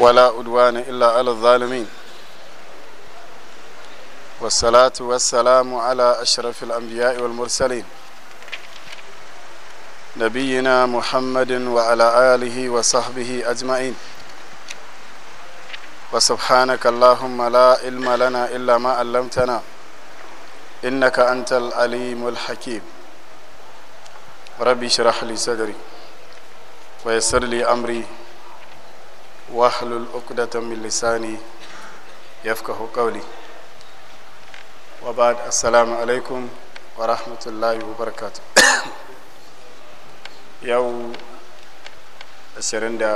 ولا أدوان إلا على الظالمين والصلاة والسلام على أشرف الأنبياء والمرسلين نبينا محمد وعلى آله وصحبه أجمعين وسبحانك اللهم لا علم لنا إلا ما علمتنا إنك أنت العليم الحكيم ربي اشرح لي صدري ويسر لي أمري واحلل عقدة من لساني يفقه قولي وبعد السلام عليكم ورحمة الله وبركاته يو ashirin da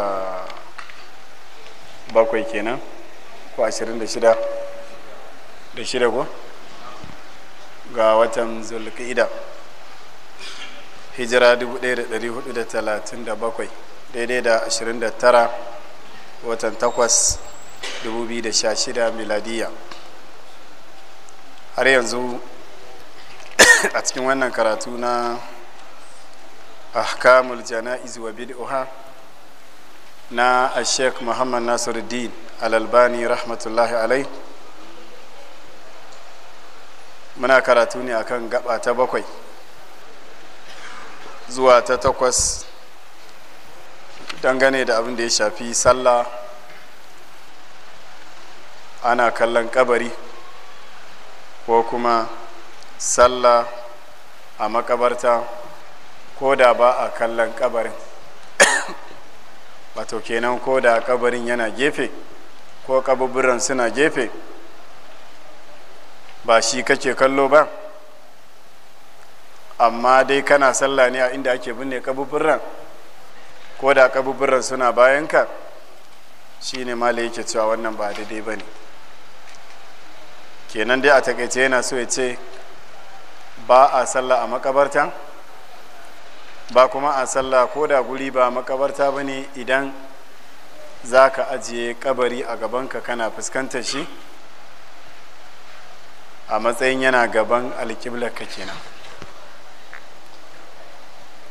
bakwai kenan ko ashirin da shida ko ga watan zulqa'ida hijira 1437 daidai da tara. watan 8 2016 miladiya har yanzu a cikin wannan karatu na ahkamul jana'iz wa bid'uha na ashek muhammad nasiruddin al-albani rahmatullahi alai muna karatu ne akan gaba ta bakwai zuwa ta takwas dangane da abin da ya shafi sallah ana kallon kabari ko kuma sallah a makabarta ko da ba a kallon kabarin wato kenan ko da kabarin yana gefe ko kabuburan suna gefe ba shi kake kallo ba amma dai kana sallah ne a inda ake binne kabuburan ko da kaburburan suna bayanka shi ne mala yake cewa wannan ba daidai ba ne kenan dai a takaice yana so ya ce ba a sallah a makabarta ba kuma a sallah ko da guri ba makabarta ba ne idan za ka ajiye kabari a gabanka kana fuskantar shi a matsayin yana gaban alƙiblarka kenan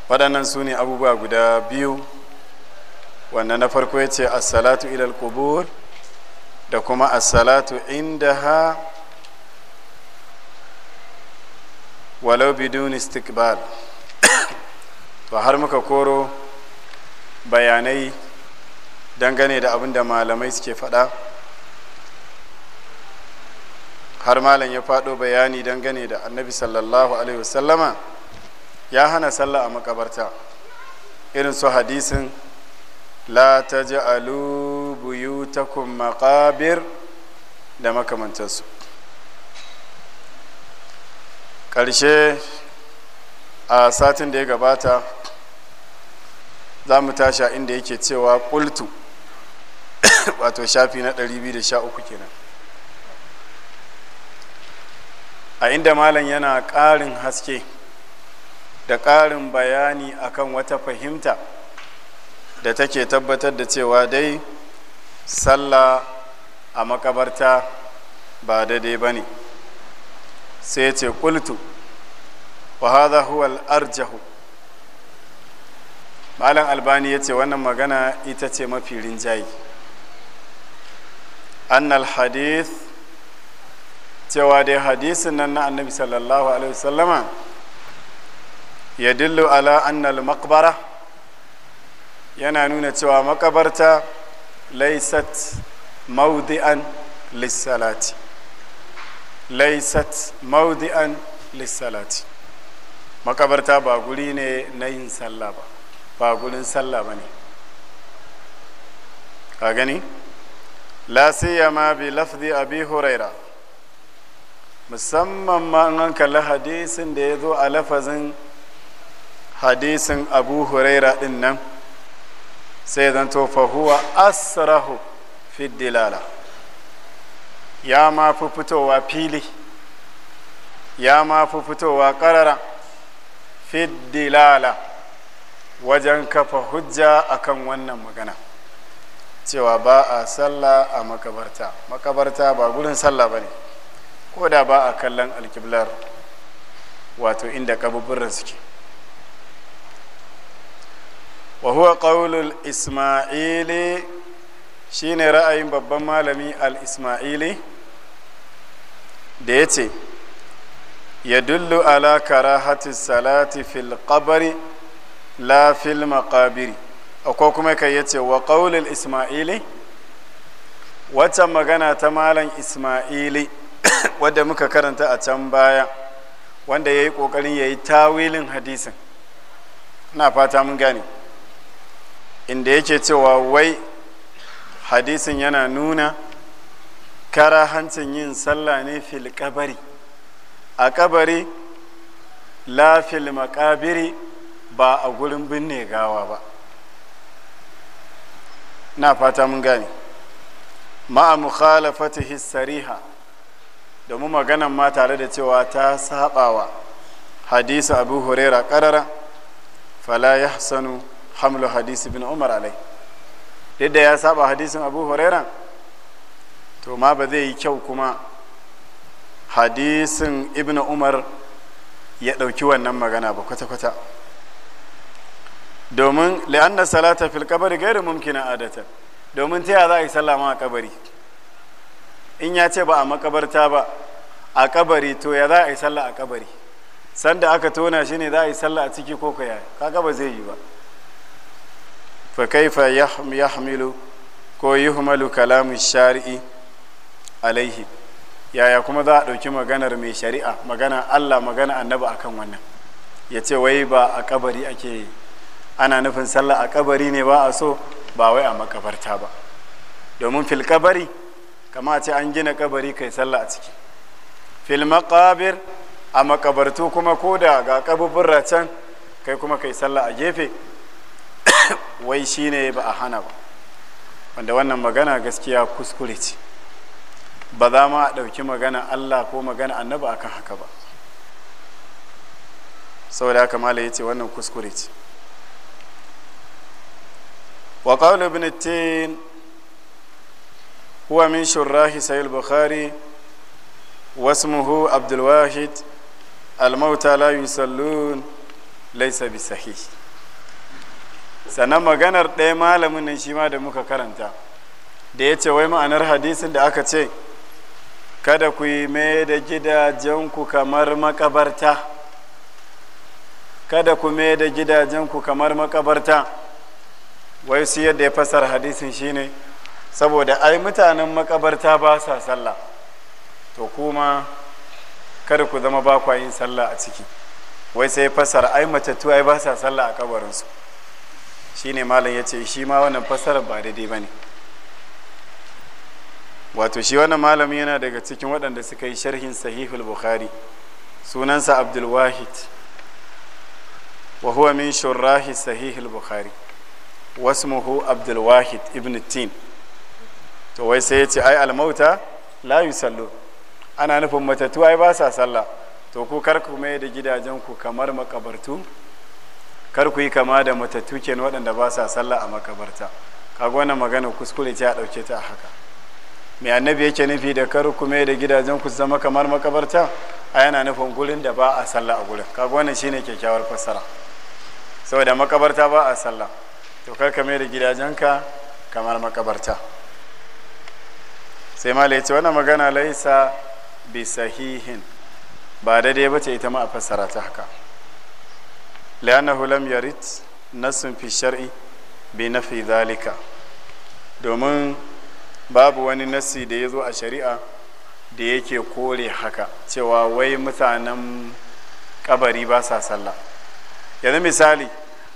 waɗannan su ne abubuwa guda biyu wannan na farko ya ce assalatu ilal kubur da kuma assalatu inda ha walau bidun istikbal to har muka koro bayanai dangane da abin malamai suke faɗa har malam ya fado bayani dangane da annabi sallallahu alaihi wasallama ya hana sallah a makabarta irin su hadisin la taj'alu buyutakum maqabir da makamantarsu ƙarshe a satin da ya gabata za mu tasha inda yake cewa kultu, wato shafi na 213 kenan a inda malam yana ƙarin haske da ƙarin bayani akan wata fahimta da take tabbatar da cewa dai sallah a makabarta ba daidai ba ne sai ce kultu wa hadha huwa al-arjahu malam albani ya ce wannan magana ita ce mafi rinjaye annal hadith cewa dai hadisin nan na annabi sallallahu alaihi wasallama ya dillu ala annal maqbara yana nuna cewa makabarta laisat maudi'an lissalati laisat maudi'an lissalati makabarta ba guri ne na yin sallah ba ba gurin sallah ba ne ka gani la ma bi lafzi abi huraira musamman ma an kalli hadisin da ya zo a lafazin hadisin abu huraira din nan sai zan huwa asrahu fi dilala ya ma fi fitowa fili ya ma fi fitowa karara fi dilala wajen kafa hujja akan wannan magana cewa ba a sallah a makabarta makabarta ba gurin sallah ba ne ko da ba a kallon alkiblar wato inda kabuburan suke wa huwa qaulul isma'ili shine ra'ayin babban malami al-isma'ili da ya ce yadullu ala karahati salati fil qabri la fil ko kuma kai yace wa qaulul isma'ili wata magana ta malam isma'ili wadda muka karanta a can baya wanda ya yi ƙoƙarin ya yi tawilin hadisin ina fata mun gane inda yake cewa wai hadisin yana nuna kara hancin yin sallah ne fil kabari a kabari la fil makabiri ba a gurin binne gawa ba na fata mun gane ma'a mukhalafati hissariha domin maganan ma tare da cewa ta sabawa hadisi abu huraira karara fala yahsanu hamlu hadisi bin umar alai duk da ya saba hadisin abu huraira to ma ba zai yi kyau kuma hadisin ibn umar ya ɗauki wannan magana ba kwata-kwata domin na salata fil kabari gairi mumkina adata domin ta yaya za a yi sallama a kabari in ya ce ba a makabarta ba a kabari to ya za a yi sallah a kabari sanda aka tona shi ne za a yi sallah a ciki ko kaya kaga ba zai yi ba fa kaifa yahmilu ko yuhmalu kalamu shari'i alaihi yaya kuma za a ɗauki maganar mai shari'a magana allah magana annabi akan wannan ya ce wai ba a kabari ake ana nufin sallah a kabari ne ba a so ba wai a makabarta ba domin fil kabari kama ce an gina kabari kai sallah a ciki fil makabir a makabartu kuma ko da ga kabuburra can kai kuma kai sallah a gefe wai shine ba a hana ba wanda wannan magana gaskiya kuskure ce ba za ma a ɗauki magana allah ko magana annaba akan haka ba saboda haka mala ya ce wannan kuskure ce wa qawlu ibn tin huwa min shurrahi bukhari واسمه عبد الواحد الموتى لا يصلون ليس بصحيح sannan maganar ɗaya malamin nan shi ma da muka karanta da ya ce wai ma'anar hadisin da aka ce kada ku yi mai da gidajenku kamar makabarta kada ku mai da gidajenku kamar makabarta wai su yadda ya fasar hadisin shi ne. saboda ai mutanen makabarta ba sa sallah to kuma kada ku zama ba yin sallah a ciki wai sai fasar ai matattu ai ba sa sallah a kabarinsu shine malam ya ce shi ma wannan fasarar ba daidai ba ne wato shi wannan malami yana daga cikin waɗanda suka yi sharhin sahihul bukhari sunansa abdulwahid wa huwa min shurrahi sahihul bukhari wasmuhu abdulwahid ibn tin to wai sai ya ce ai almauta la yusallu ana nufin matattu ai ba sa sallah to ku kar ku mai da gidajen ku kamar makabartu kar ku yi kama da matattu ken waɗanda ba sa sallah a makabarta kaga wannan magana kuskure ta a ɗauke ta a haka mai annabi yake nufi da kar ku mai da gidajen ku zama kamar makabarta a yana nufin gurin da ba a sallah a gurin kaga wannan shine kyakkyawar fassara saboda makabarta ba a sallah to kar ka mai da gidajenka kamar makabarta sai ma laice wannan magana laisa bi sahihin ba daidai ba ce ita ma a fassara ta haka li'annahu لم يرد نص في الشرع بنفي ذلك دومن domin babu wani nassi da ya zo a shari'a da yake kore haka cewa wai mutanen kabari ba sa sallah yanzu misali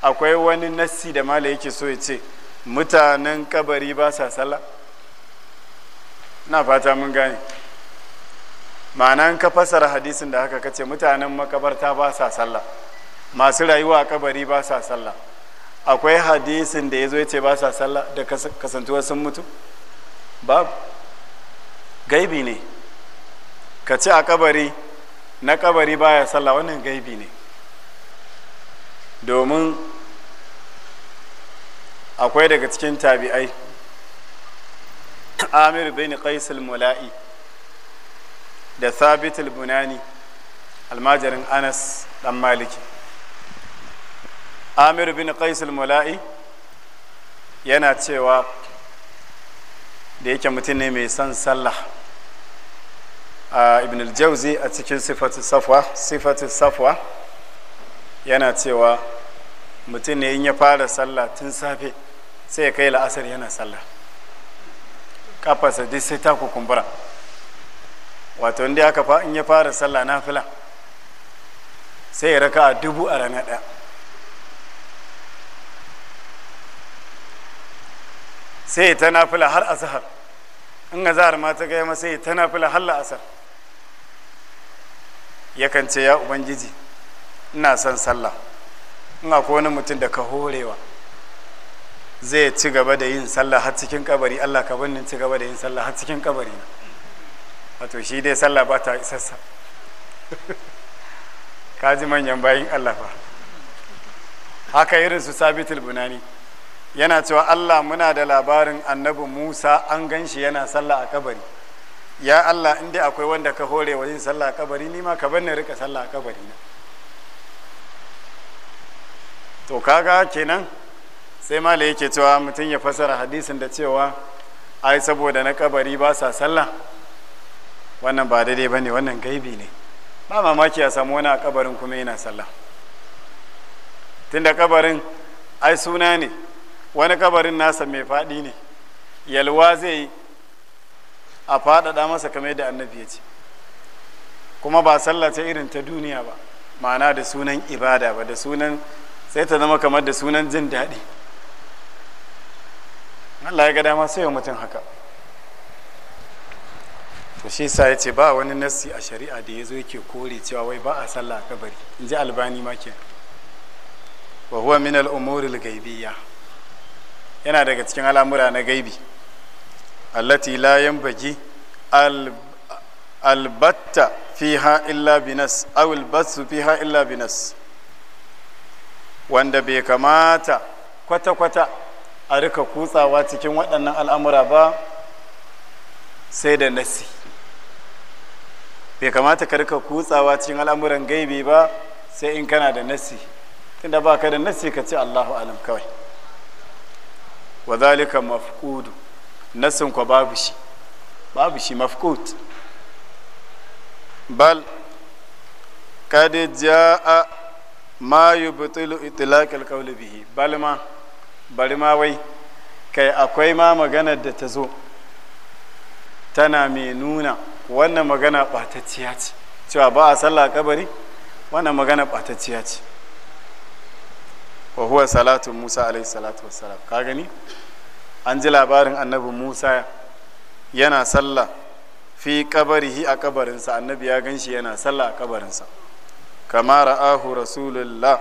akwai wani nassi da mala yake so ya ce mutanen kabari ba sa sallah na fata mun gane ma'anan ka fasara hadisin da haka kace mutanen makabarta ba sa sallah masu rayuwa a kabari ba sa sallah akwai hadisin da ya zo ya ce ba sa sallah da kasantuwar sun mutu babu gaibi ne ka ce a kabari na kabari baya sallah wannan gaibi ne domin akwai daga cikin tabi'ai amir bin qais mula'i da thabit al-bunani almajarin anas dan maliki amir bin qais mula'i yana cewa da yake mutum ne mai son sallah a ibn al jawzi a cikin sifatu safwa sifatu safwa yana cewa mutum ne in ya fara sallah tun safe sai ya kai la'asar yana sallah kafarsa duk sai ta kukumbura wato inda aka in ya fara sallah na fila sai ya raka a dubu a rana ɗaya sai ta nafila har azhar in azhar ma ta gaya masa sai ta nafila har la'asar yakan ce ya ubangiji ina son sallah in akwai wani mutum da ka horewa zai ci gaba da yin sallah har cikin kabari Allah ka bannin ci gaba da yin sallah har cikin kabari na wato shi dai sallah ba ta isassa ka ji manyan bayin Allah fa haka irin su sabitul bunani yana cewa Allah muna da labarin annabi Musa an gan shi yana sallah a kabari ya Allah in akwai wanda ka hore wa yin sallah a kabari ni ma ka bar rika sallah a kabari na to kaga kenan sai mala yake cewa mutum ya fasara hadisin da cewa ai saboda na kabari ba sa sallah wannan ba daidai bane wannan gaibi ne ba mamaki ya samu wani a kabarin kuma yana sallah tunda kabarin ai suna ne wani kabarin nasa mai faɗi ne yalwa zai a faɗaɗa masa kamar da annabi ya ce kuma ba sallah ta irin ta duniya ba ma'ana da sunan ibada ba da sunan sai ta zama kamar da sunan jin daɗi Allah ya ga dama sai mutum haka to shi sa ya ce ba wani nassi a shari'a da ya zo yake kore cewa wai ba a sallah a kabari in ji albani ma ke wa huwa min al gaibiyya yana daga cikin al'amura na gaibi allati la yanbaghi albatta fiha illa binas aw albatsu fiha illa binas wanda bai kamata kwata-kwata a rika kutsawa cikin waɗannan al'amura ba sai da nasi bai kamata ka rika kutsawa cikin al'amuran gaibi ba sai in kana da nasi tunda ba ka da nasi ka ci allahu alam kawai wa zalika mafkudu nassin ko babu shi babu shi mafqud bal kad jaa ma yubtilu itlaq alqawli bihi bal ma bari ma wai kai akwai ma maganar da ta zo tana mai nuna wannan magana ɓatacciya ce cewa ba a sallah kabari wannan magana ɓatacciya ce wa huwa salatu musa alaihi salatu wassalam ka gani an ji labarin annabi musa yana sallah fi kabarihi a kabarinsa annabi ya ganshi yana sallah a kabarinsa kama ra'ahu rasulullah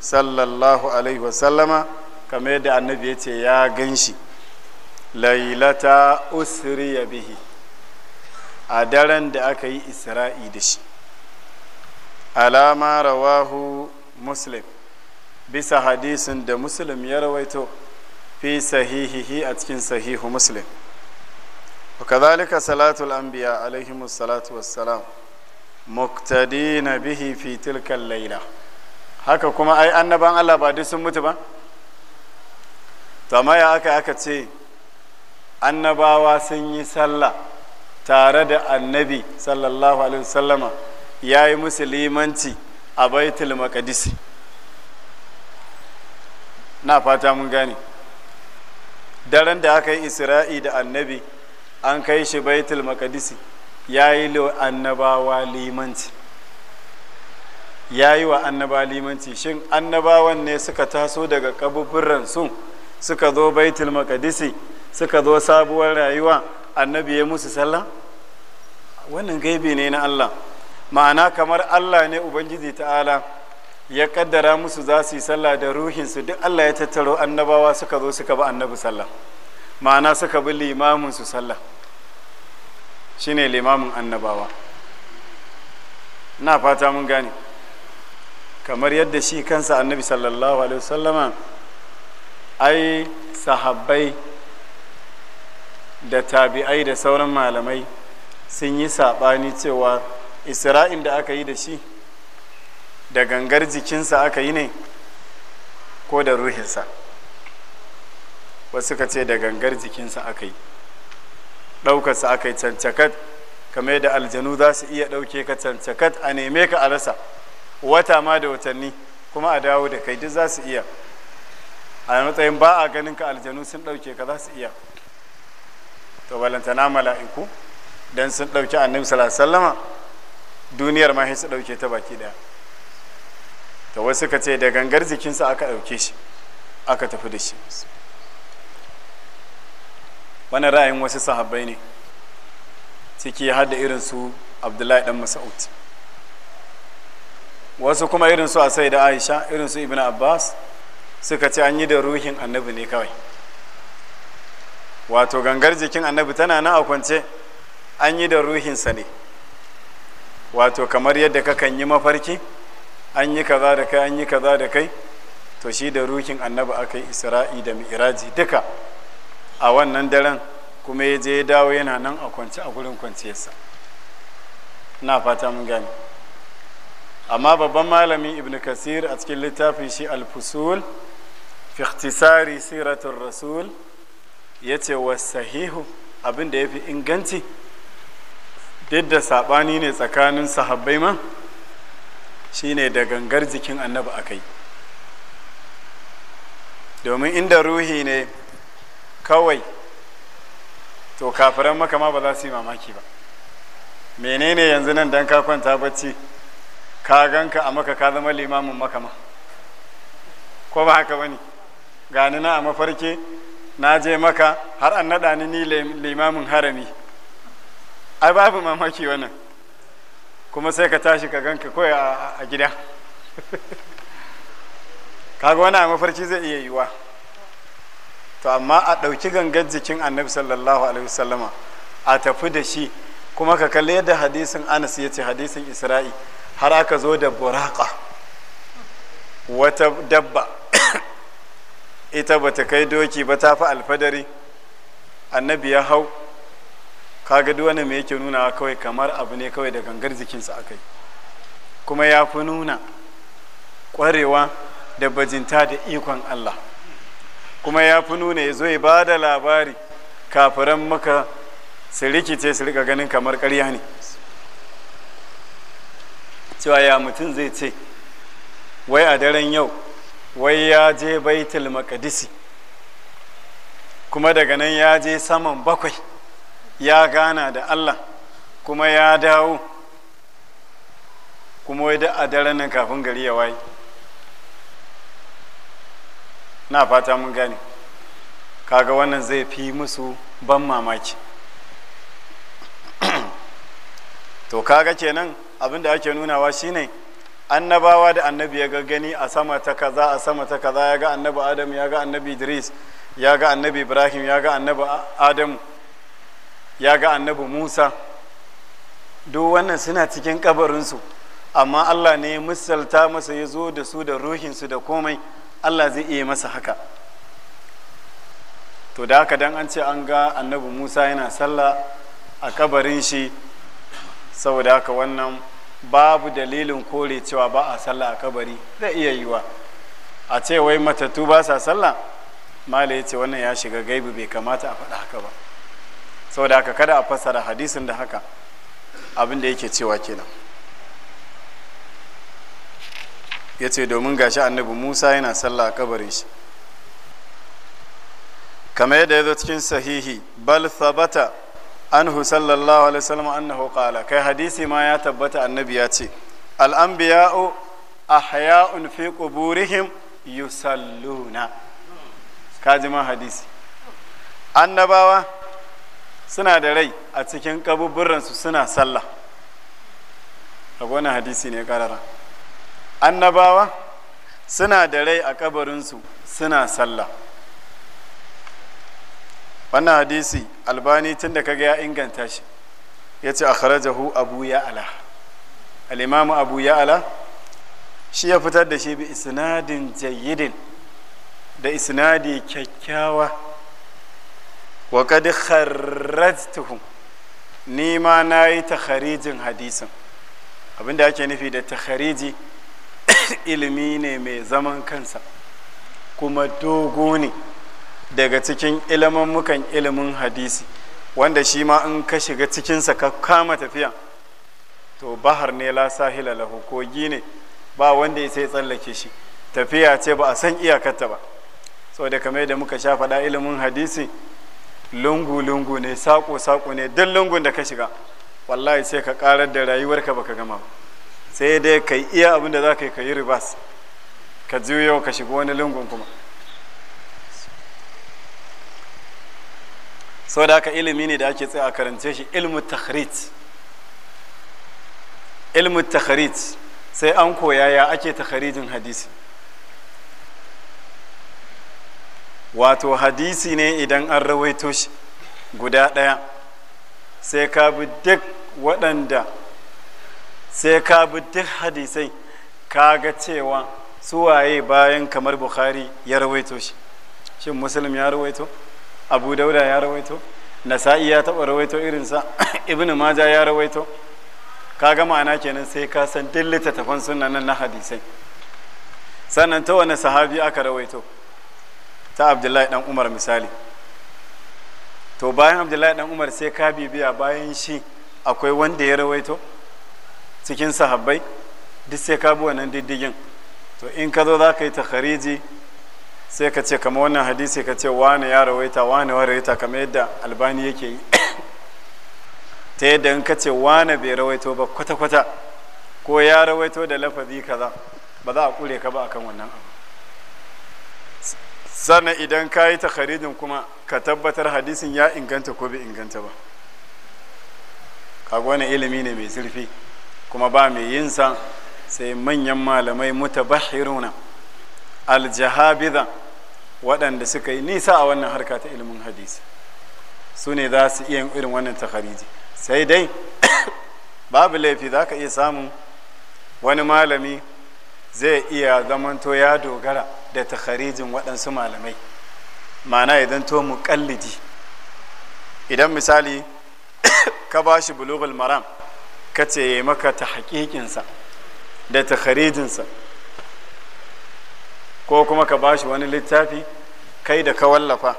sallallahu alaihi wasallama kamar yadda annabi ya ce ya ganshi lailata ya bihi a daren da aka yi isra'i da shi alama rawahu muslim bisa hadisin da muslim ya rawaito fi sahihihi a cikin sahihu muslim وكذلك صلاة الأنبياء عليهم الصلاة والسلام مقتدين به في تلك الليلة haka kuma ai annaban Allah ba duk sun mutu ba amma ya aka aka ce annabawa sun yi sallah tare da annabi sallallahu alaihi wasallama ya yi musu limanci a baitul maqdis na fata mun gane daren da aka yi isra'i da annabi an kai shi baitul makadisi ya yi annabawa limanci ya yi wa annaba limanci shin annabawan ne suka taso daga kabuburran su suka zo baitul makadisi suka zo sabuwar rayuwa annabi ya musu sallah wannan gaibi ne na allah ma'ana kamar allah ne ubangiji ta'ala ya kaddara musu za su yi sallah da ruhinsu duk Allah ya tattaro annabawa suka zo suka bi annabi sallah ma'ana suka bi limamin su sallah shine limamin annabawa na fata mun gane kamar yadda shi kansa annabi sallallahu alaihi wasallama ai sahabbai da tabi'ai da sauran malamai sun yi saɓani cewa isra'il da aka yi da shi da gangar jikinsa aka yi ne ko da ruhinsa wasu ka ce da gangar jikinsa aka yi ɗaukarsa aka yi cancakat kamar yadda aljanu za su iya ɗauke ka cancakat a neme ka a rasa wata ma da watanni kuma a dawo da kai duk za su iya a matsayin ba a ganin ka aljanu sun ɗauke ka za su iya to balantana mala'iku don sun ɗauki annabi sallallahu alaihi duniyar ma sai su ɗauke ta baki ɗaya ta wasu suka ce da gangar jikinsa aka ɗauke shi aka tafi da shi wani ra'ayin wasu sahabbai ne ciki har da irin su abdullahi dan mas'ud wasu kuma irin su asai da aisha irin su ibn abbas suka ce an yi da ruhin annabi ne kawai wato gangar jikin annabi tana na a kwance an yi da ruhinsa ne wato kamar yadda kakan yi mafarki an yi kaza da kai an yi kaza da kai to shi da rukin annabi aka yi isra'i da mi'iraji duka a wannan daren kuma ya je ya dawo yana nan a kwance a gurin kwanciyarsa na fata mun gane amma babban malami ibn kasir a cikin littafin shi al-fusul fi ikhtisari siratul rasul ya ce wa sahihu abin da ya fi inganci duk da saɓani ne tsakanin sahabbai man shine da gangar jikin annabi a kai domin inda ruhi ne kawai to kafiran maka ma ba za su yi mamaki ba menene yanzu nan don ka kwanta bacci ka ganka a maka ka zama limamin maka ma ko ba haka bane gani na a mafarki na je maka har an naɗa ni limamin harami ai babu mamaki wannan kuma sai ka tashi ka ganka kawai a gida kaga wani a mafarki zai iya yiwa to amma a ɗauki gangar jikin annabi sallallahu alaihi wasallama a tafi da shi kuma ka kalli yadda hadisin anas ya ce hadisin isra'i har aka zo da buraka wata dabba ita bata kai doki ba ta fi alfadari annabi ya hau kaga duk wani me yake nuna kawai kamar abu ne kawai da gangar jikinsa aka yi, kuma ya fi nuna kwarewa da bajinta da ikon Allah kuma ya fi nuna ya zo ya ba da labari kafiran maka su rikice su rika ganin kamar karya ne cewa ya mutum zai ce wai a daren yau wai ya je baitul makadisi kuma daga nan ya je saman bakwai ya gana da Allah kuma ya dawo kuma wai da nan kafin gari ya waye na fata mun gane kaga wannan zai fi musu ban mamaki to kaga kenan abin da ake nunawa shine annabawa da annabi ya ga gani a sama ta kaza a sama ta kaza ya ga annabi adam ya ga annabi idris ya ga annabi ibrahim ya ga annabi adamu ya ga annabi musa duk wannan suna cikin kabarinsu amma allah ne misalta masa ya zo da su da ruhinsu da komai allah zai iya masa haka to da haka dan an ce an ga annabi musa yana sallah a kabarin shi saboda haka wannan babu dalilin kore cewa ba a sallah a kabari zai iya yiwa a ce wai matattu ba sa sallah mala ya ce wannan ya shiga gaibi bai kamata a faɗa haka ba saboda haka kada a fassara hadisin da haka abin da yake cewa kenan ya ce domin gashi annabi musa yana sallah a kabarin shi kamar yadda ya zo cikin sahihi bal thabata anhu sallallahu alaihi wasallam annahu qala kai hadisi ma ya tabbata annabi ya ce al anbiya'u ahya'un fi quburihim yusalluna kaji ma hadisi annabawa suna da rai a cikin kabuburansu suna sallah wannan hadisi ne karara annabawa suna da rai a kabarinsu suna sallah wannan hadisi albani tun da kaga ya inganta shi ya ce akhrajahu abu ya'ala al-imamu abu ya'ala shi ya fitar da shi bi isnadin jayyidin da isnadi kyakkyawa wa kadi kharrajtuhu ni ma nayi takharijin hadisin abinda ake nufi da takhariji ilimi ne mai zaman kansa kuma dogo ne daga cikin ilimin mukan ilimin hadisi wanda shi ma in ka shiga cikinsa ka kama tafiya to bahar ne la sahila lahu kogi ne ba wanda ya sai tsallake shi tafiya ce ba a san iyakarta ba saboda kamar da muka sha faɗa ilimin hadisi lungu-lungu ne saƙo-saƙo ne duk lungun da ka shiga wallahi sai ka karar da rayuwarka baka gama sai dai ka iya abin da za yi ka yi ribas ka juyo ka shiga wani lungun kuma so da haka ilimi ne da ake tsaye a karance shi ilmu takhrij ilmu sai an koya ya ake takhrijin hadisi wato hadisi ne idan an rawaito shi guda ɗaya sai ka bi duk waɗanda sai ka bi duk hadisai ka ga cewa suwaye bayan kamar bukhari ya rawaito shi shin muslim ya rawaito abu dauda ya rawaito nasa'i ya taɓa rawaito irinsa ibn maja ya rawaito ka ga ma'ana kenan sai ka san duk littattafan sunan na hadisai sannan ta wani sahabi aka rawaito ta abdullahi dan umar misali to bayan abdullahi dan umar sai ka bibiya bayan shi akwai wanda ya rawaito cikin sahabbai duk sai ka bi wannan diddigin to in ka zo za ka yi khariji sai ka ce kama wannan hadisi ka ce wane ya rawaita wane ya rawaita kamar yadda albani yake yi ta yadda in ka ce wane bai rawaito ba kwata-kwata ko ya rawaito da lafazi kaza ba za a kure ka ba akan wannan abu sannan idan ka yi takharijin kuma ka tabbatar hadisin ya inganta ko bai inganta ba kaga wani ilimi ne mai zurfi kuma ba mai yin sa sai manyan malamai mutabahiruna aljahabida waɗanda suka yi nisa a wannan harka ta ilimin hadisi su ne za su iya irin wannan takhariji sai dai babu laifi za ka iya samun wani malami zai iya zamanto ya dogara da takharijin waɗansu malamai ma'ana idan to muƙallidi idan misali ka ba shi bulughul maram ka ce maka ta haƙiƙinsa da takharijinsa ko kuma ka ba shi wani littafi kai da ka wallafa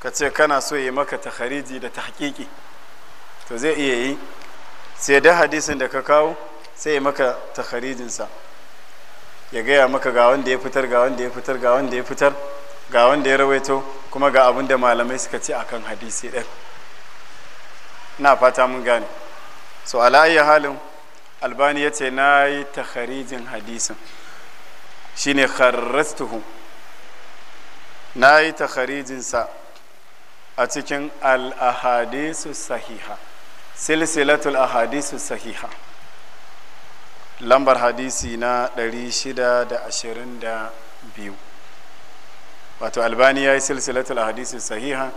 ka ce kana so yi maka takhariji da tahqiqi to zai iya yi sai da hadisin da ka kawo sai yi maka takharijinsa ya gaya maka ga wanda ya fitar ga wanda ya fitar ga wanda ya fitar ga wanda ya rawaito kuma ga abin da malamai suka ce akan hadisi ɗin na fata mun gane so ala'ayyar halin albani ya ce na yi harijin hadisin ne kharrastuhu na yi takharijinsa a cikin al-ahadisu sahiha silsilatul ahadisu sahiha lambar hadisi na 622 wato albani ya yi silsilatul hadisi sahiha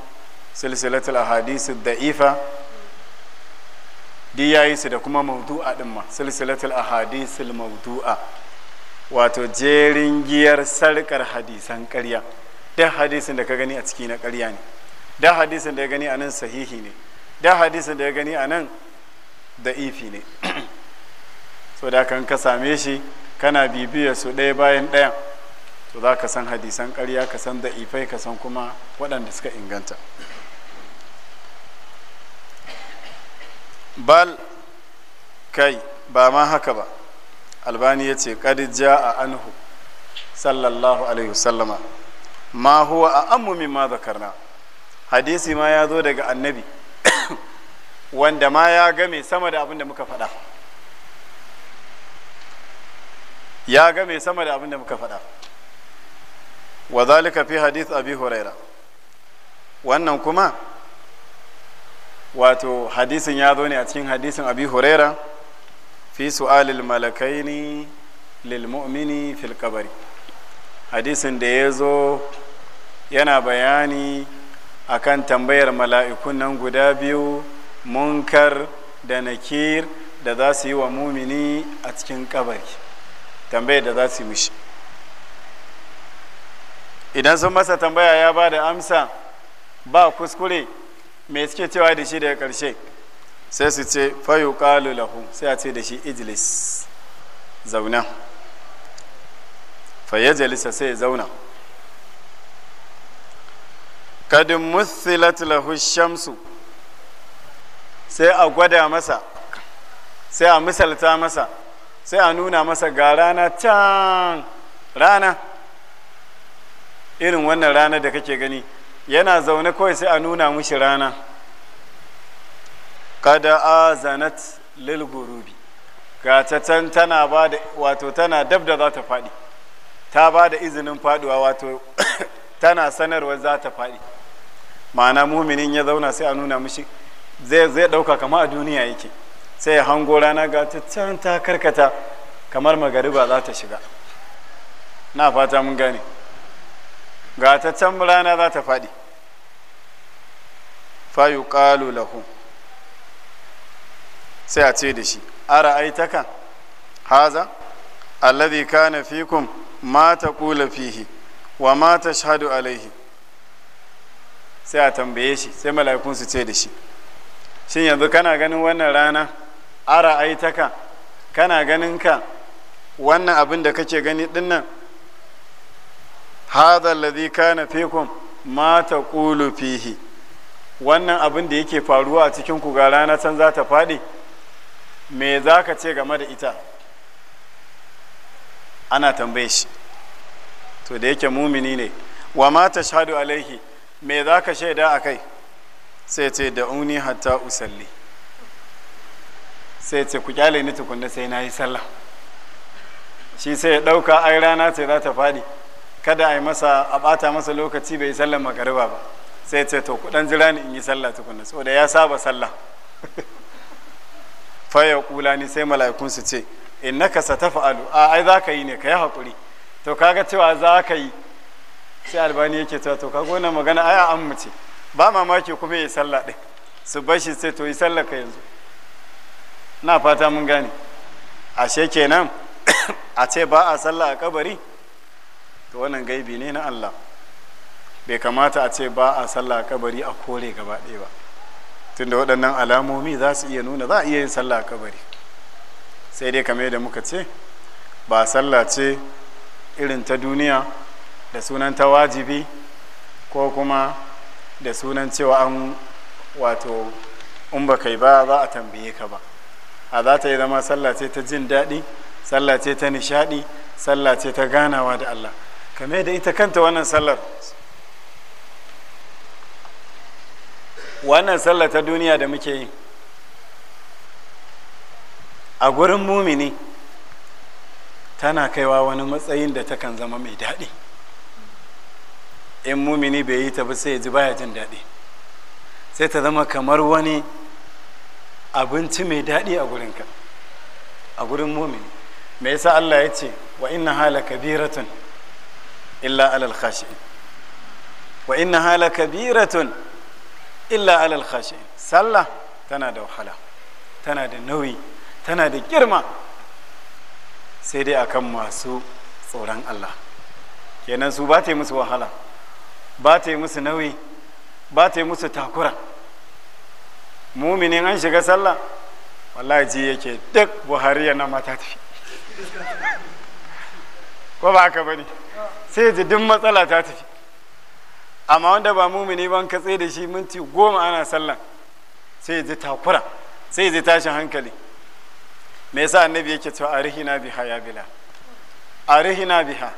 silsilatul hadisi da'ifa di ya yi su da kuma maudu'a din ma silsilatul hadisi maudu'a wato jerin giyar sarkar hadisan karya da hadisin da ka gani a ciki na karya ne da hadisin da ya gani a nan sahihi ne da hadisin da ya gani a nan da'ifi ne so da kan ka same shi kana bibiyar su ɗaya bayan ɗayan to za ka san hadisan ƙarya ka san da'ifai ka san kuma waɗanda suka inganta bal kai ba ma haka ba albani ya ce ja a anhu sallallahu alaihi wasallama ma huwa a ammu ma zakarna hadisi ma ya zo daga annabi wanda ma ya game sama da abin da muka faɗa ya ga mai sama da abin da muka faɗa wa zalika fi hadith abi huraira wannan kuma wato hadisin ya zo ne a cikin hadisin abi huraira fi su'alil malakaini lil mu'mini fil qabri hadisin da ya zo yana bayani akan tambayar mala'ikun nan guda biyu munkar da nakir da za su yi wa mumini a cikin kabari tambayar da za su yi mishi idan sun masa tambaya ya ba da amsa ba kuskure mai suke cewa da shi daga ƙarshe sai su ce fayu kalu lahu sai a ce da shi ijilis zauna jalisa sai zauna kadin musulat lahu shamsu sai a gwada masa sai a misalta masa sai a nuna masa ga rana can rana irin wannan rana da kake gani yana zaune kawai sai a nuna mushi rana kada a zanat lilgurubi ga ta can tana ba da wato tana dab da za ta faɗi ta ba da izinin faɗuwa wato tana sanarwa za ta faɗi ma'ana muminin ya zauna sai a nuna mushi zai ɗauka kama a duniya yake sai ya hango rana ga ta ta karkata kamar magariba za ta shiga na fata mun gane ga ta rana za ta faɗi fayu ƙalu lahu sai a ce da shi ara aitaka haza alladhi kana fikum ma kula fihi wa ma tashhadu alaihi sai a tambaye shi sai mala'ikun su ce da shi shin yanzu kana ganin wannan rana ara aitaka kana ganin ka wannan abin da kake gani dinnan hada alladhi kana fikum ma taqulu fihi wannan abin da yake faruwa a cikin ku ga rana can za ta faɗi me za ka ce game da ita ana tambaye shi to da yake mumini ne wa ma tashhadu alaihi me za ka shaida a kai sai ce da uni hatta usalli sai ce ku kyale ni tukunna sai na yi sallah shi sai ya ɗauka ai rana ce za ta faɗi kada a yi masa a ɓata masa lokaci bai yi sallar magariba ba sai ce to kuɗan jira ni in yi sallah tukunna saboda ya saba sallah faya kula ni sai mala'ikun su ce innaka satafa'alu a ai za ka yi ne ka yi hakuri. to kaga cewa za ka yi sai albani yake cewa to kaga wannan magana ai an mu ce ba mamaki kuma yi sallah din su bashi sai to yi sallah ka yanzu na fata mun gane ashe kenan a ce ba a sallah a kabari to wannan gaibi ne na Allah bai kamata a ce ba a sallah a kabari a kore gaba ɗaya ba tunda waɗannan alamomi za su iya nuna za a iya yin sallah a kabari sai dai kamar yadda muka ce ba sallah ce irin ta duniya da sunan ta wajibi ko kuma da sunan cewa an wato in ba kai ba za a tambaye ka ba a za ta yi zama sallah ce ta jin daɗi sallah ce ta nishaɗi sallah ce ta ganawa da Allah kame da ita kanta wannan sallar wannan sallar ta duniya da muke yi a gurin mumini tana kaiwa wani matsayin da takan zama mai daɗi in mumini bai yi ta ba sai ya ji baya jin daɗi sai ta zama kamar wani abinci mai daɗi a gurinka a gurin mumini me yasa Allah ya ce wa inna hala kabiratun illa alal khashi'in wa inna hala kabiratun illa alal khashi'in sallah tana da wahala tana da nauyi tana da girma sai dai akan masu tsoron Allah kenan su ba ta yi musu wahala ba ta yi musu nauyi ba ta yi musu takura muminin an shiga sallah wallahi ji yake duk buhari yana mata tafi ko ba haka bane sai ji duk matsala ta tafi amma wanda ba mumini ban katse da shi minti goma ana sallah sai ji takura sai ji tashin hankali me yasa annabi yake cewa arihina biha ya bila arihina biha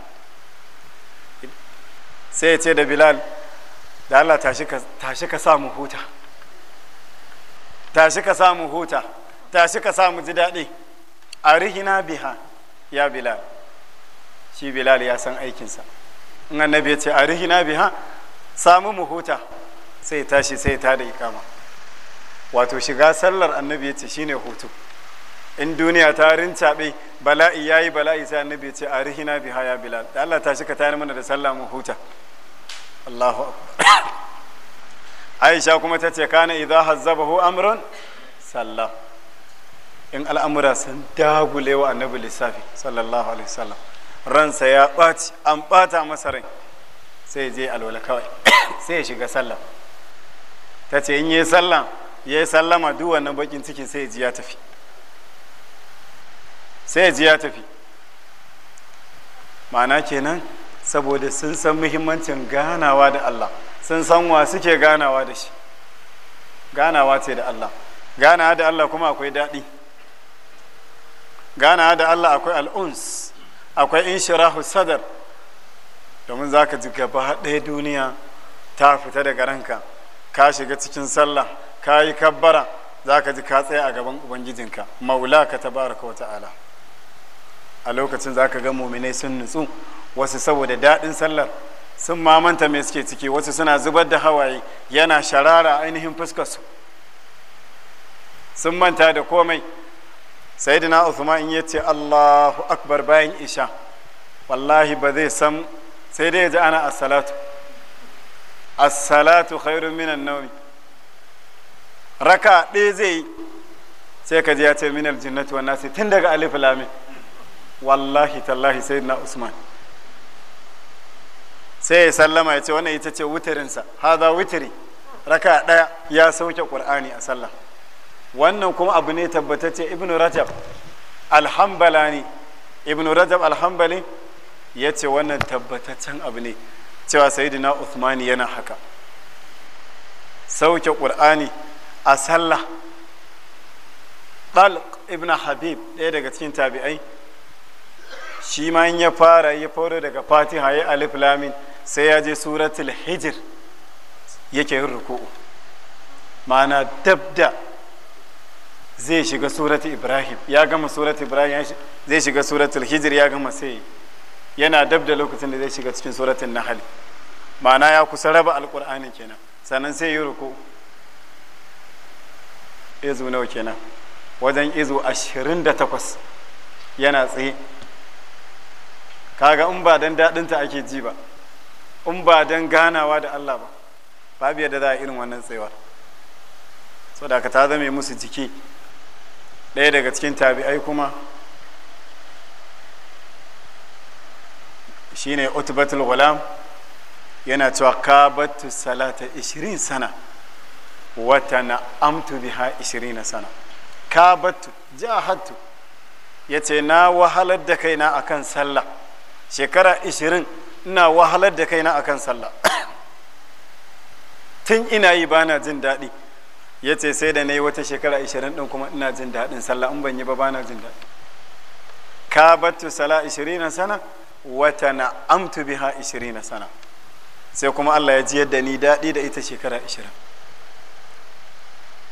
sai ya ce da bilal da Allah tashi ka samu huta tashi ka samu huta tashi ka samu ji daɗi a rihina biha ya bilal shi bilal ya san aikinsa in annabi ya ce a rihina biha samu mu huta sai tashi sai ta da ikama wato shiga sallar annabi ya ce shine hutu in duniya ta rincaɓe bala'i ya yi bala'i sai annabi ya ce a rihina biha ya bilal da allah tashi ka tayar mana da sallah mu huta allahu akbar aisha kuma ta ce kana idza hazzabahu amrun salla in al'amura sun dagule wa annabi lissafi sallallahu alaihi wasallam ransa ya ɓaci an ɓata masa rai sai je alwala kawai sai ya shiga sallah ta ce in yi sallah ya yi sallama duk wannan bakin ciki sai ji ya tafi sai ji ya tafi ma'ana kenan saboda sun san muhimmancin ganawa da Allah sun san wa suke ganawa da shi ganawa ce da Allah ganawa da Allah kuma akwai daɗi ganawa da Allah akwai al'uns akwai inshirahu sadar domin za ka ji gaba ɗaya duniya ta fita daga ranka ka shiga cikin sallah ka yi kabbara za ka ji ka tsaya a gaban ubangijinka maula ka tabaraka wa ta'ala a lokacin za ka ga muminai sun nutsu wasu saboda daɗin sallar sun mamanta mai suke ciki wasu suna zubar da hawaye yana sharara ainihin fuskarsu sun manta da komai sayyidina Uthman ya ce Allahu akbar bayan isha wallahi ba zai san sai dai ya ji ana assalatu assalatu khairun minan naumi raka ɗaya zai yi sai ka ji ya ce minal jinnati wannan tun daga alif lamin wallahi tallahi sayyidina Usman sai ya sallama ya ce wannan ita ce wutarinsa haza wutiri raka ɗaya ya sauke qur'ani a sallah wannan kuma abu ne tabbatacce ibnu rajab alhambalani ibnu rajab alhambali ya ce wannan tabbataccen abu ne cewa sayyidina uthmani yana haka sauke qur'ani a sallah ɗalq ibn habib ɗaya daga cikin tabi'ai shi ma ya fara ya fara daga fatiha ya alif lamin sai ya je suratul hijir yake yin ruku'u ma'ana dabda zai shiga surat ibrahim ya gama surat ibrahim zai shiga suratul hijir ya gama sai yana dabda lokacin da zai shiga cikin suratul nahal ma'ana ya kusa raba alkur'ani kenan sannan sai yi ruku izu nawa kenan wajen izu ashirin da takwas yana tsaye kaga in ba dan daɗinta ake ji ba in ba don ganawa da Allah ba babu yadda za a irin wannan tsayuwar so da ta zame musu jiki ɗaya daga cikin tabi'ai kuma shine utbatul gulam yana cewa kabatu salata 20 sana wata na amtu biha 20 sana kabatu jahatu ya ce na wahalar da kaina akan sallah shekara 20 ina wahalar da kaina akan sallah tun ina yi bana jin daɗi ya ce sai da na yi wata shekara ashirin ɗin kuma ina jin daɗin sallah in ban yi ba bana jin daɗi ka battu sala ashirin sana wata na amtu biha ashirin sana sai kuma Allah ya ji yadda ni daɗi da ita shekara ashirin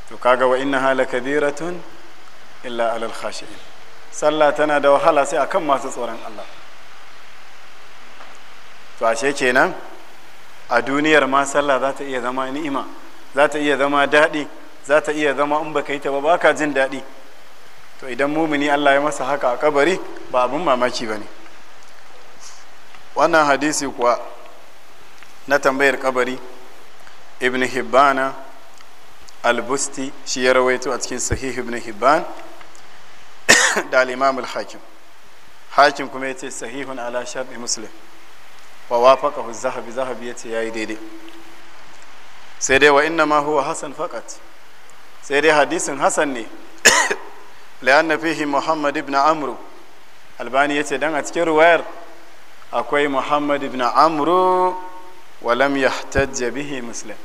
to kaga wa inna hala kabiratun illa alal khashi'in sallah tana da wahala sai akan masu tsoron Allah to ashe kenan a duniyar ma sallah za ta iya zama ni'ima za ta iya zama daɗi za ta iya zama in baka yi ta ba baka jin daɗi to idan mumini Allah ya masa haka a kabari ba abin mamaki ba ne wannan hadisi kuwa na tambayar kabari ibn hibbana al-busti shi ya rawaito a cikin sahih ibn hibban da al-imam al-hakim hakim kuma ya ce sahihun ala sharɗi muslim fa hu zahabi zahabi yace yayi daidai sai dai wa inna ma huwa hasan faqat sai dai hadisin hasan ne anna fihi muhammad ibn amru albani yace dan a cikin ruwayar akwai muhammad ibn amru wa lam yahtajja bihi muslim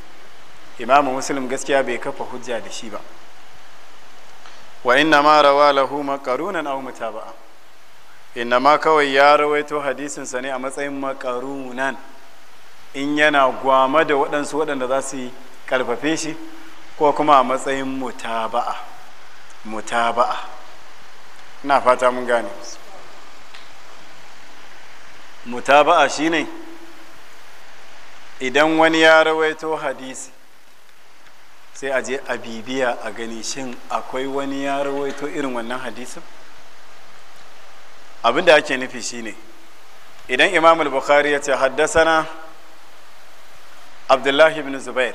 imamu muslim gaskiya bai kafa hujja da shi ba wa inna ma rawalahu maqarunan aw mutaba'a ma kawai ya rawaito hadisinsa ne a matsayin makarunan in yana gwama da waɗansu waɗanda za su karfafe shi ko kuma a matsayin mutaba'a mutaba'a na fata mun gane mutaba'a shine idan wani ya rawaito hadisi sai a je a bibiya a gani shin akwai wani ya rawaito irin wannan hadisin abinda ake nufi shine idan imam al-bukhari ya ce haddasana abdullahi ibn zubair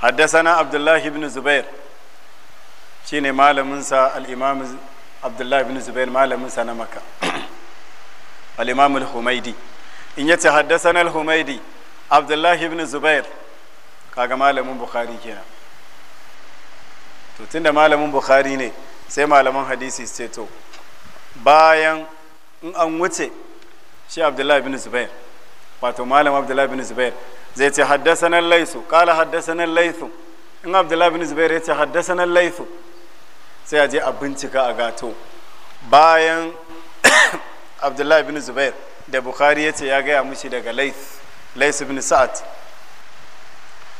haddasana abdullahi ibn zubair shine malaminsa al-imam abdullahi ibn zubair malaminsa na maka al-imam al-humaidi in yace haddasana al-humaidi abdullahi ibn zubair kaga malamin bukhari kenan to tunda malamin bukhari ne sai malaman hadisi ce to bayan in an wuce shi abdullahi bin zubair wato malam abdullahi bin zubair zai ce haddasa laisu kala haddasa laisu in abdullahi bin zubair ya ce haddasa laisu sai a je a bincika a gato bayan abdullahi bin zubair da bukhari ya ce ya gaya mushi daga lais lais bin sa'ad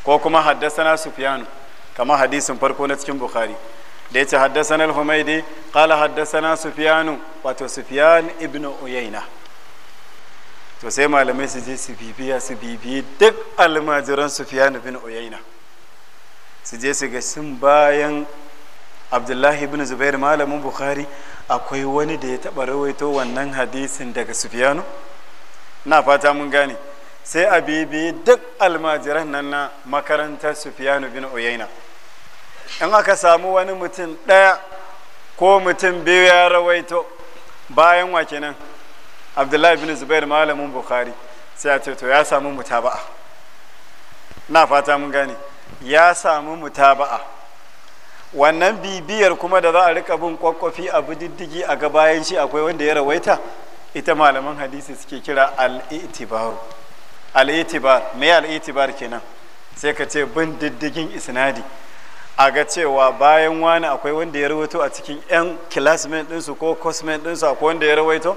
ko kuma haddasa sufiyanu kamar hadisin farko na cikin bukhari da ya ce haddasana al-humaidi qala haddasana sufiyanu wato sufiyan ibn uyaina to sai malamai su je su bibiya su bibiyi duk almajiran sufiyan ibn uyayna su je su ga sun bayan abdullahi ibn zubair malamin bukhari akwai wani da ya taba rawaito wannan hadisin daga sufiyanu na fata mun gane sai a bibiyi duk almajiran nan na makarantar sufiyanu bin uyayna in aka samu wani mutum ɗaya ko mutum biyu ya rawaito bayan wa kenan abdullahi bin zubair malamin bukhari sai a to ya samu mutaba'a na fata mun gane ya samu mutaba'a wannan bibiyar kuma da za a rika bin kwakwafi a diddigi a ga bayan shi akwai wanda ya rawaita ita malaman hadisi suke kira al'itibaru al'itibar mai alitibar kenan sai ka ce bin diddigin isnadi a ga cewa bayan wani akwai wanda ya rawaito a cikin 'yan classmate ɗinsu ko kosmen ɗinsu akwai wanda ya rawaito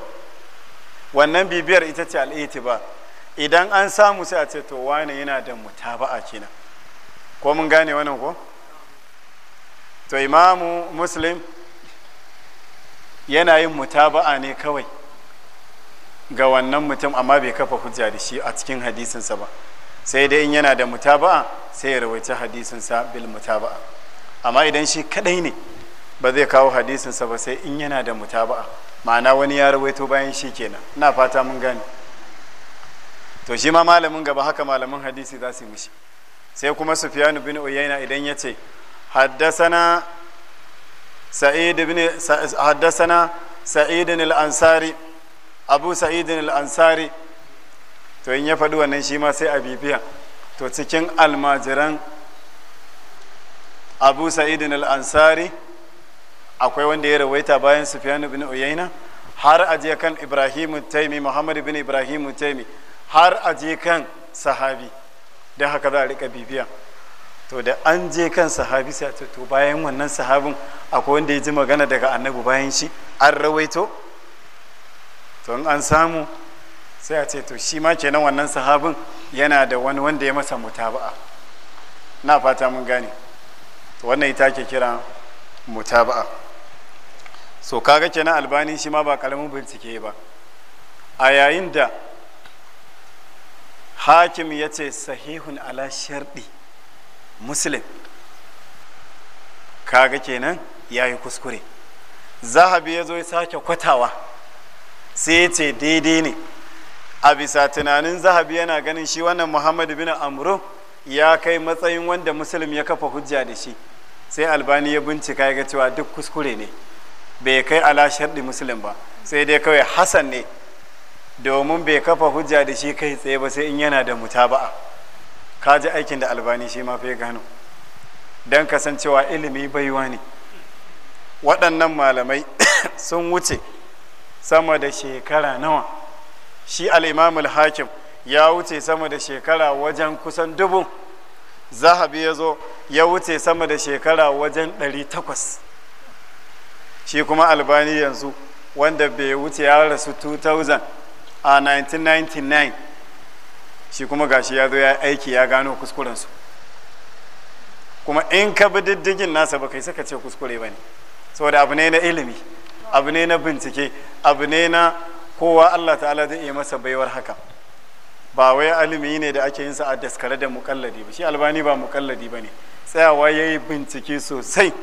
wannan bibiyar ita ce al'iti ba idan an samu sai a ce to wani yana da a kina. ko mun gane wannan ko to imamu muslim yana yin mutaba'a ne kawai ga wannan mutum amma bai kafa hujja da shi a cikin hadisinsa ba sai dai in yana da mutaba'a sai ya rawaita hadisinsa bil mutaba'a amma idan shi kadai ne ba zai kawo hadisinsa ba sai in yana da mutaba'a ma'ana wani ya rawaito bayan shi kenan ina fata mun gane to shi ma malamin gaba haka malamin hadisi za su yi mishi sai kuma sufyanu bin uyayna idan ya ce haddasana sa'id bin haddasana ansari abu sa'id al-ansari to in ya faɗi wannan shi ma sai a bibiya to cikin almajiran abu sa'idin al'ansari akwai wanda ya rawaita bayan sufyan ibn uyayna har aje kan ibrahim taimi muhammad ibn ibrahim taimi har aje kan sahabi don haka za a rika bibiya to da an je kan sahabi sai ce to bayan wannan sahabin akwai wanda ya ji magana daga annabi bayan shi an rawaito to in an samu sai a ce to shi ma kenan wannan sahabin yana da wani wanda ya masa mutaba'a na fata mun gane wannan ita ke kira mutaba'a so kaga kenan albani shi ma ba karamin bincike ba a yayin da hakim ya ce sahihun ala sharɗi muslim kaga kenan ya yi kuskure zahabi ya zo ya sake kwatawa sai ce daidai ne a bisa tunanin zahabi yana ganin shi wannan muhammad bin amru ya kai matsayin wanda musulmi ya kafa hujja da shi sai albani ya bincika ya ga cewa duk kuskure ne bai kai ala sharɗi musulun ba sai dai kawai hasan ne domin bai kafa hujja da shi kai tsaye ba sai in yana da mutaba'a ka ji aikin da albani shi ma gano don kasancewa ilimi baiwa ne waɗannan malamai sun wuce sama da shekara nawa shi al'imamul hakim ya wuce sama da shekara wajen kusan dubu zahabi ya zo ya wuce sama da shekara wajen ɗari takwas. shi kuma albani yanzu wanda bai wuce ya rasu 2000 a 1999 shi kuma gashi ya zo ya aiki ya gano kuskurensu kuma in ka bi diddigin nasa ba kai saka ce kuskure ba ne saboda abu ne na ilimi abu ne na bincike abu ne na kowa Allah ta'ala zai iya masa baiwar haka ba wai alimi ne da ake yin sa a daskare da mukalladi ba shi albani ba mukalladi ba ne tsayawa ya yi bincike sosai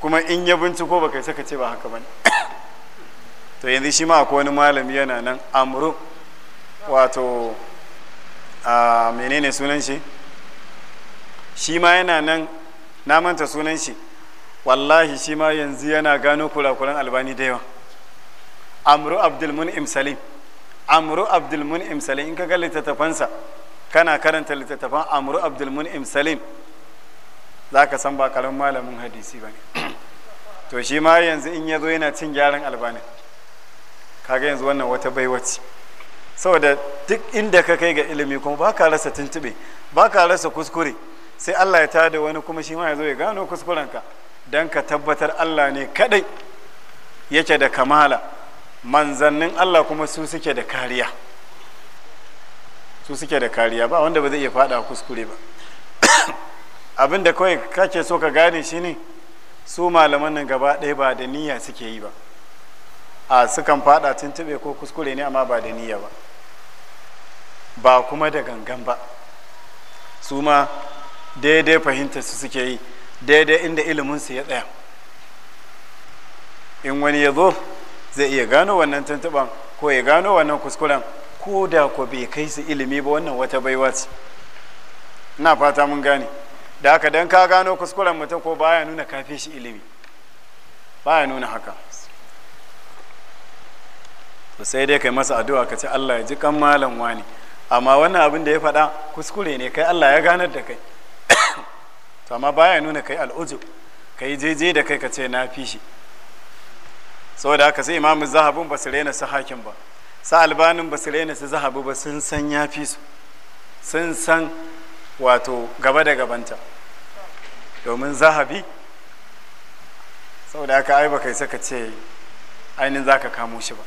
kuma in ya binciko kai saka ce ba haka ba ne to yanzu shi ma akwai wani malami yana nan amru wato a menene sunan shi shi ma yana nan na manta sunan shi wallahi shi ma yanzu yana gano kurakuran albani da yawa amru abdul mun'im salim amru abdul mun'im salim in ka ga littattafansa kana karanta littattafan amru abdul mun'im salim za ka san ba karamin malamin hadisi ba ne to shi ma yanzu in ya zo yana cin gyaran albanin kaga yanzu wannan wata baiwaci saboda duk inda ka kai ga ilimi kuma ba ka rasa tuntube ba ka rasa kuskure sai allah ya tada wani kuma shi ma ya zo ya gano kuskurenka don ka tabbatar allah ne kadai yake da kamala manzannin Allah kuma su suke da kariya su suke da kariya ba wanda ba zai iya fada kuskure ba abin da kawai kake so ka gane shi ne su malaman nan gaba ɗaya ba da niyya suke yi ba a sukan fada tuntube ko kuskure ne amma ba da niyya ba ba kuma da gangan ba su ma daidai fahimtar su suke yi daidai inda iliminsu ya tsaya in wani ya zo zai iya gano wannan tuntuban ko ya gano wannan kuskuren ko da ko bai kai su ilimi ba wannan wata baiwa ce ina fata mun gane da haka dan ka gano kuskuren mutum ko baya nuna kafe shi ilimi baya nuna haka to sai dai kai masa addu'a ka ce Allah ya ji kan malam wani amma wannan abin da ya faɗa kuskure ne kai Allah ya ganar da kai to amma baya nuna kai al'uzu kai jeje da kai ka ce na fi shi saboda haka sai imamu zahabun ba su raina su hakim ba sa albanin ba su raina su zahabu ba sun san ya fi su sun san wato gaba da gabanta domin zahabi saboda haka ai ba kai saka ce ainihin za ka kamo shi ba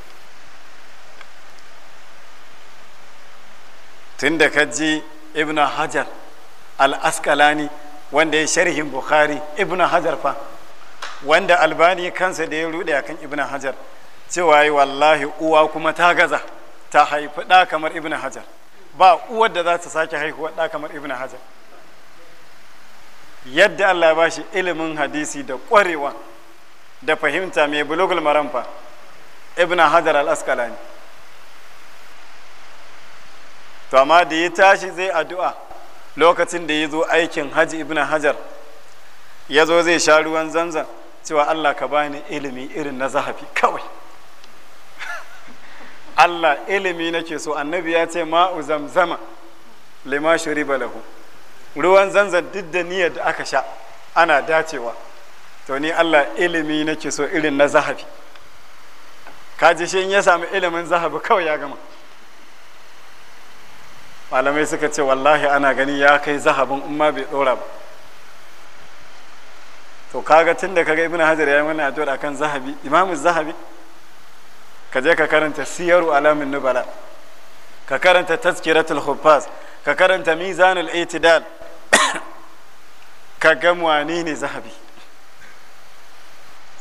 tun da kaji ibn hajar al-askalani wanda ya sharhin bukhari ibn hajar fa wanda albani kansa da ya rude akan ibn hajar cewa yi wallahi uwa kuma ta gaza ta haifi ɗa kamar ibn hajar ba uwar da za ta sake haihuwa ɗa kamar ibn hajar yadda allah ba shi ilimin hadisi da ƙwarewa da fahimta mai bulugul maramfa ibn hajar al-asqalani to amma da ya tashi zai addu'a lokacin da ya zo aikin haji ibn hajar ya zo zai sha ruwan zanzan cewa Allah ka bani ilimi irin na zahabi kawai Allah ilimi nake so annabi ya ce ma'u zamzama lima shuriba lahu ruwan zanzan duk da niyyar da aka sha ana dacewa to ni Allah ilimi nake so irin na zahabi kaji shi in ya samu ilimin zahabi kawai ya gama malamai suka ce wallahi ana gani ya kai zahabin in ma bai dora ba to kaga tun da kaga ibn hajar ya yi mana addu'ar akan zahabi imamu zahabi ka je ka karanta siyaru alamin nubala ka karanta tazkiratul huffaz ka karanta mizanul itidal ka ga wani ne zahabi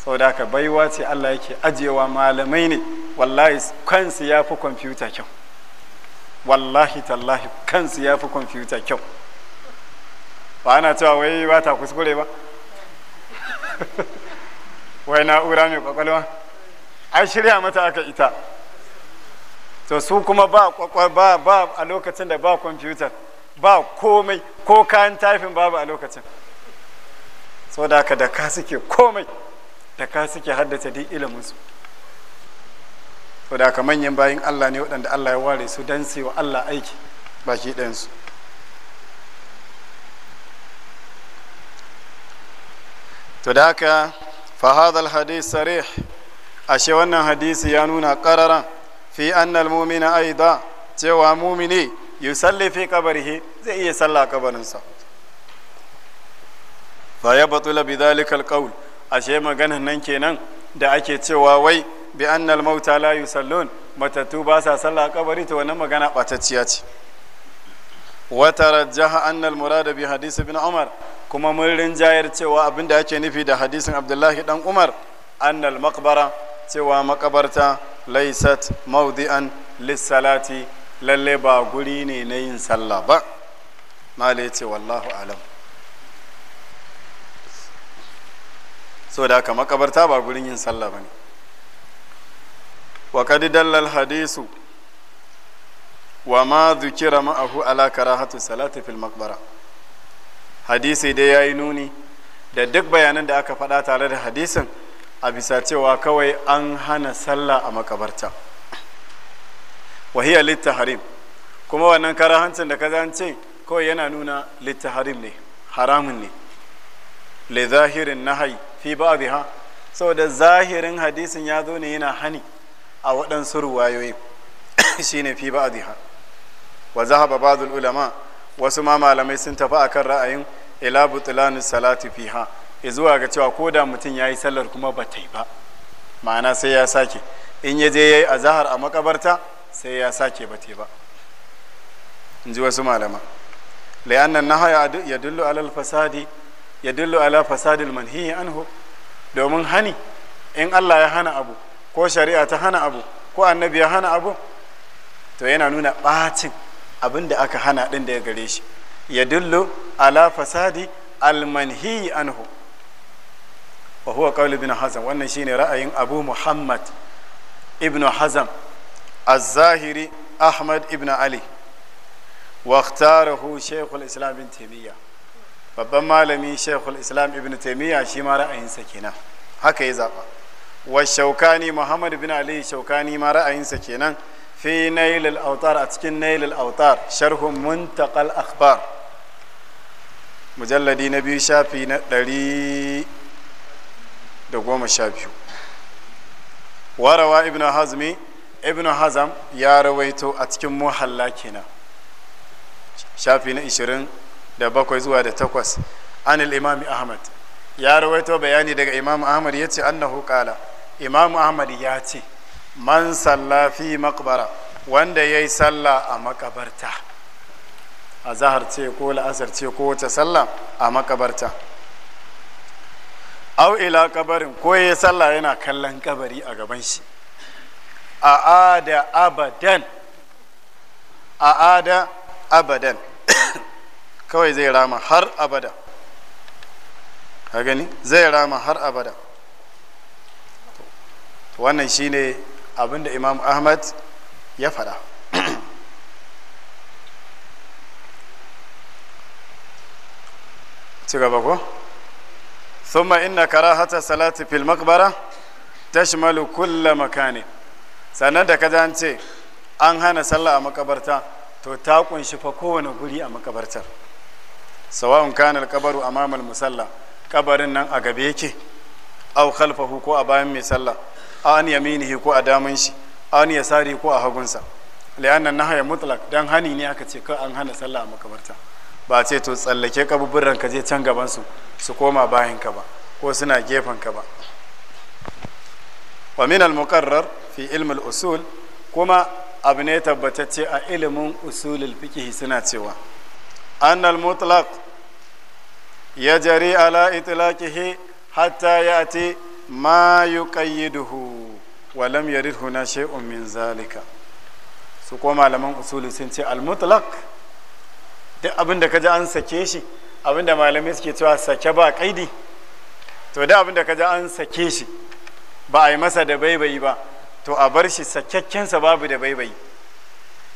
saboda haka baiwa ce Allah yake ajiyewa malamai ne wallahi kansu ya fi kwamfuta kyau wallahi tallahi kansu ya fi kwamfuta kyau ba ana cewa wai ba ta kuskure ba wai na'ura mai kwakwalwa An shirya mata aka ita to su kuma ba kwakwal ba ba a lokacin da ba kwamfutar ba komai ko kayan taifin babu a lokacin so da ka da ka suke komai da ka suke haddace duk iliminsu so da ka manyan bayan allah ne waɗanda allah ya ware su don su wa allah aiki baki ɗansu to da haka fa hadha sarih ashe wannan hadisi ya nuna qarara fi anna al mu'mina aida cewa mu'mini yusalli fi qabrihi zai iya sallah kabarinsa fa yabtula bi al qawl ashe maganan nan kenan da ake cewa wai bi annal mauta la yusallun matattu ba sa sallah kabari to wannan magana batacciya ce wa tarajjaha annal murada bi hadisi bin umar kuma mun rinjayar cewa abin da ake nufi da hadisin abdullahi dan umar annal makbara cewa makabarta laisat maudi'an lissalati lalle ba guri ne na yin sallah ba mala ce wallahu alam so da haka makabarta ba gurin yin sallah ba ne wa kadi dallal hadisu wa ma zukira ma'ahu ala karahatu salati fil makbara hadisi dai ya yi nuni da duk bayanan da aka faɗa tare da hadisin a bisa cewa kawai an hana sallah a makabarta wahiya littaharim kuma wannan karahancin da ka ce kawai yana nuna littaharim ne haramun ne le zahirin nahai fi ba'dha saboda zahirin hadisin ya zo ne yana hani a waɗansu ruwayoyi shine fi biha. wa zahaba ba'dul ulama wasu ma malamai sun tafi a kan ra'ayin ila butulani salati fiha zuwa ga cewa ko da mutum ya yi sallar kuma ba ta yi ba ma'ana sai ya sake in ya je ya yi zahar a makabarta sai ya sake ba ta ba in ji wasu malama la'annan nahaya ya dullu alal fasadi ya dullu ala fasadil manhiyi anhu domin hani in Allah ya hana abu ko shari'a ta hana abu ko annabi ya hana abu to yana nuna bacin abin da aka hana ɗin ya gare shi ya dillo ala fasadi almanhi anhu wa huwa qawlu ibn hazm wannan shine ra'ayin abu muhammad ibn hazm az-zahiri ahmad ibn ali wa ikhtarahu islam ibn taymiyyah babban malami shaykhul islam ibn taymiyyah shi ma ra'ayinsa kenan haka ya zaba wa shaukani muhammad ibn ali shaukani ma ra'ayinsa kenan fi nail al-autar a cikin nail al-autar sharhun muntaqal akhbar mujalladi na biyu shafi na ɗari da goma sha biyu warawa ibn hazmi ibn hazam ya rawaito a cikin muhalla kenan shafi na ishirin da bakwai zuwa da takwas an imami ahmad ya rawaito bayani daga imam ahmad ya ce annahu qala imam ahmad ya ce man salla fi makbara wanda ya yi sallah a makabarta a zahar ce ko la'asar ce ko wace sallah a makabarta au ila kabarin ko ya sallah yana kallon kabari a gaban shi a ada abadan a ada abadan kawai zai rama har abada ka gani zai rama har abada wannan shine abinda imam ahmad ya faɗa ci gaba ko thumma inna karahata salati fil maqbara tashmalu كل makani sannan da kaza an ce an hana sallah a makabarta to ta kunshi fa kowane guri a makabartar sawa'un kana amama al musalla kabarin nan a gabe yake au khalfahu ko a bayan mai sallah an yaminihi ko a daman shi an sari ko a hagunsa nan nahaya mutlak dan hani ne aka ce ka an hana sallah a makabarta ba ce to tsallake kabubburan ka je can gaban su su koma bayan ka ba ko suna gefen ka ba wa min al-muqarrar fi ilm al-usul kuma abu ne tabbatacce a ilimin usulul fiqh suna cewa an al mutlak ya jari ala itlaqihi hatta yati ma yuqayyiduhu wa lam yaridhu na shay'un min zalika su ko malaman usuli sun ce al duk abin da kaji an sake shi abin da malamai suke cewa sake ba kaidi to da abin da kaji an sake shi ba a yi masa da baibayi ba to a bar shi sakakkensa babu da baibayi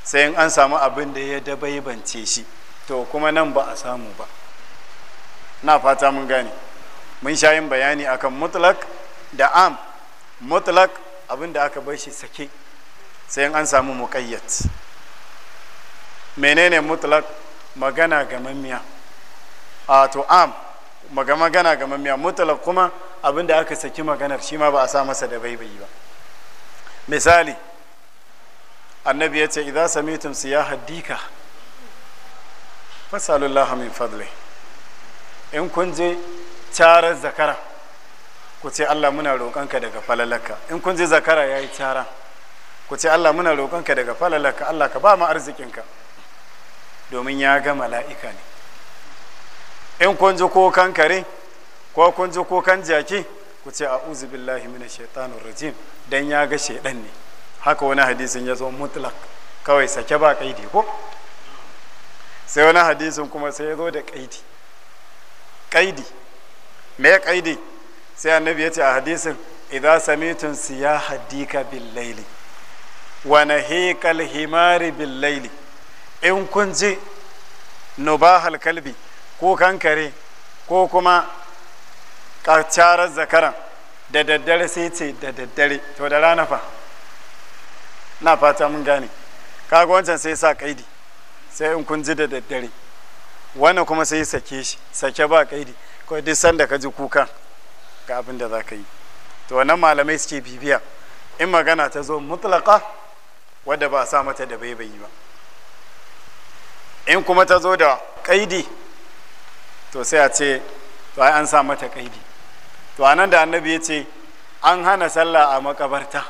sai in an samu abin da ya dabaibance shi to kuma nan ba a samu ba na fata mun gane mun sha yin bayani akan mutlak da am mutlak abin da aka bar shi sake sai an samu muƙayyat menene mutlak magana ga mamiya a to am magana magana mamiya mutlak kuma abin da aka saki maganar shi ma ba a sa masa da baibayi ba misali annabi ya ce idza samitum siyaha dika fasalullah min fadli in kun je tarar zakara ku ce Allah muna roƙonka daga falalaka in kun ji zakara ya yi tara ku ce Allah muna roƙonka daga falalaka Allah ka ba mu arzikinka domin ya ga mala'ika ne in kun ji kan kare ko kun ji kan jaki ku ce a billahi mina shaitanun rajim dan ya ga shaidan ne haka wani hadisin ya zo mutlak kawai sake ba kaidi ko sai wani hadisin kuma sai ya zo da kaidi kaidi me kaidi sai annabi ya ce a hadisin idan samitun siya dika bin laili wa hekal himari bin laili in kun ji nubahal kalbi ko kankare ko kuma kacarar zakaran da daddare sai ce da daddare to da rana fa na fata mun gane kaga wancan sai sa kaidi sai in kun ji da daddare wannan kuma sai sake shi sake ba kaidi ko duk sanda ka ji kukan ga abin da za ka yi to wannan malamai suke bibiya in magana ta zo mutlaka wadda ba sa mata da baibayi ba in kuma ta zo da kaidi to sai a ce to ai an sa mata kaidi to anan da annabi ya ce an hana sallah a makabarta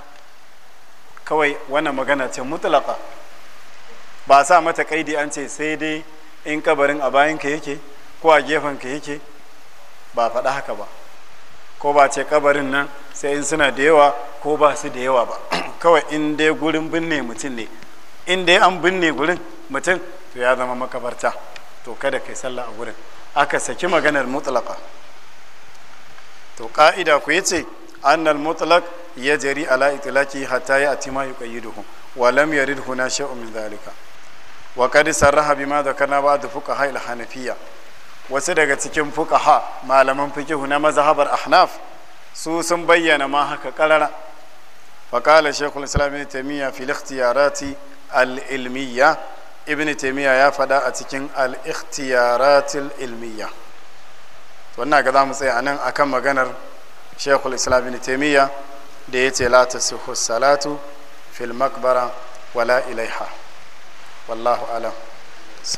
kawai wannan magana ce mutlaka ba sa mata kaidi an ce sai dai in kabarin a bayanka yake ko a gefen gefenka yake ba faɗa haka ba ko ba ce kabarin nan sai in suna da yawa ko ba su da yawa ba kawai in dai gurin binne mutum ne in dai an binne gurin mutum to ya zama makabarta to kada kai sallah a gurin aka saki maganar mutlaka to ka'ida ku ce annal mutlak ya jari ala itilaki hatta ya atima duhu wa lam yarid huna shay'un min zalika wa kadi sarraha bima ba da fuka al-hanafiyya wasu daga cikin fukaha malaman fikihu na mazhabar ahnaf su sun bayyana ma haka karara faƙala shekul islam ibn taimiyya fil ikhtiyarati al ilmiya ibn taimiyya ya faɗa a cikin al-ikhtiyaratil ilmiyya wannan ga za tsaya anan akan maganar shekul islam ibn taimiyya da ya ce la tasihu salatu fil makbara wala ilaiha wallahu alam